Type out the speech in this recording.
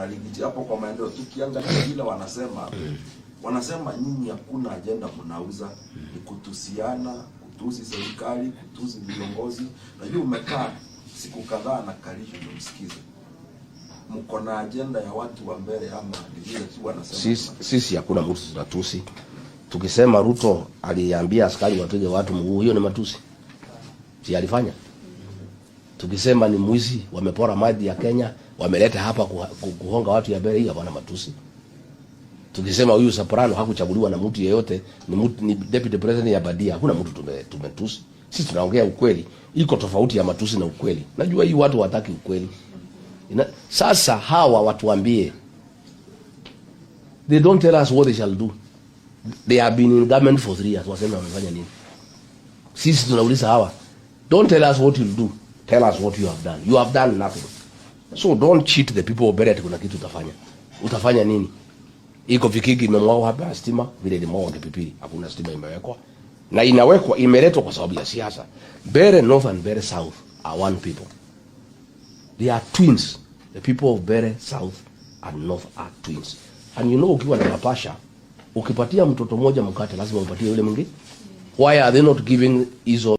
kuna ligi hapo kwa maendeleo. Tukiangalia kila wanasema wanasema nyinyi hakuna ajenda mnauza, ni kutusiana, kutuzi serikali, kutuzi viongozi. Najua umekaa siku kadhaa na Kalisho ndio msikize, mko na ajenda ya watu wa mbele ama vile tu wanasema. Sisi sisi hakuna mtu tunatusi. Tukisema Ruto aliambia askari wapige watu mguu, hiyo ni matusi, si alifanya tukisema ni mwizi, wamepora maji ya Kenya, wameleta hapa kuhonga watu ya bere, hii hapana matusi. Tukisema huyu Soprano hakuchaguliwa na mtu yeyote, ni, mtu, ni deputy president ya Badia, hakuna mtu tumetusi tume, Sisi tunaongea ukweli, iko tofauti ya matusi na ukweli. Najua hii watu wataki ukweli. Ina, sasa hawa watuambie, they don't tell us what they shall do. They have been in government for three years, waseme wamefanya nini? Sisi tunauliza hawa, don't tell us what you'll do. Tell us what you have done. You have done nothing. So don't cheat the people Beret kuna kitu utafanya. Utafanya nini? Iko vikiki imemwagwa hapa stima vile ni ilimwagwa Kipipiri. Hakuna stima imewekwa. Na inawekwa imeletwa kwa sababu ya siasa. Bere North and Bere South are one people. They are twins. The people of Bere South and North are twins. And you know ukiwa na mapasha ukipatia mtoto mmoja mkate lazima upatie yule mwingine. Why are they not giving his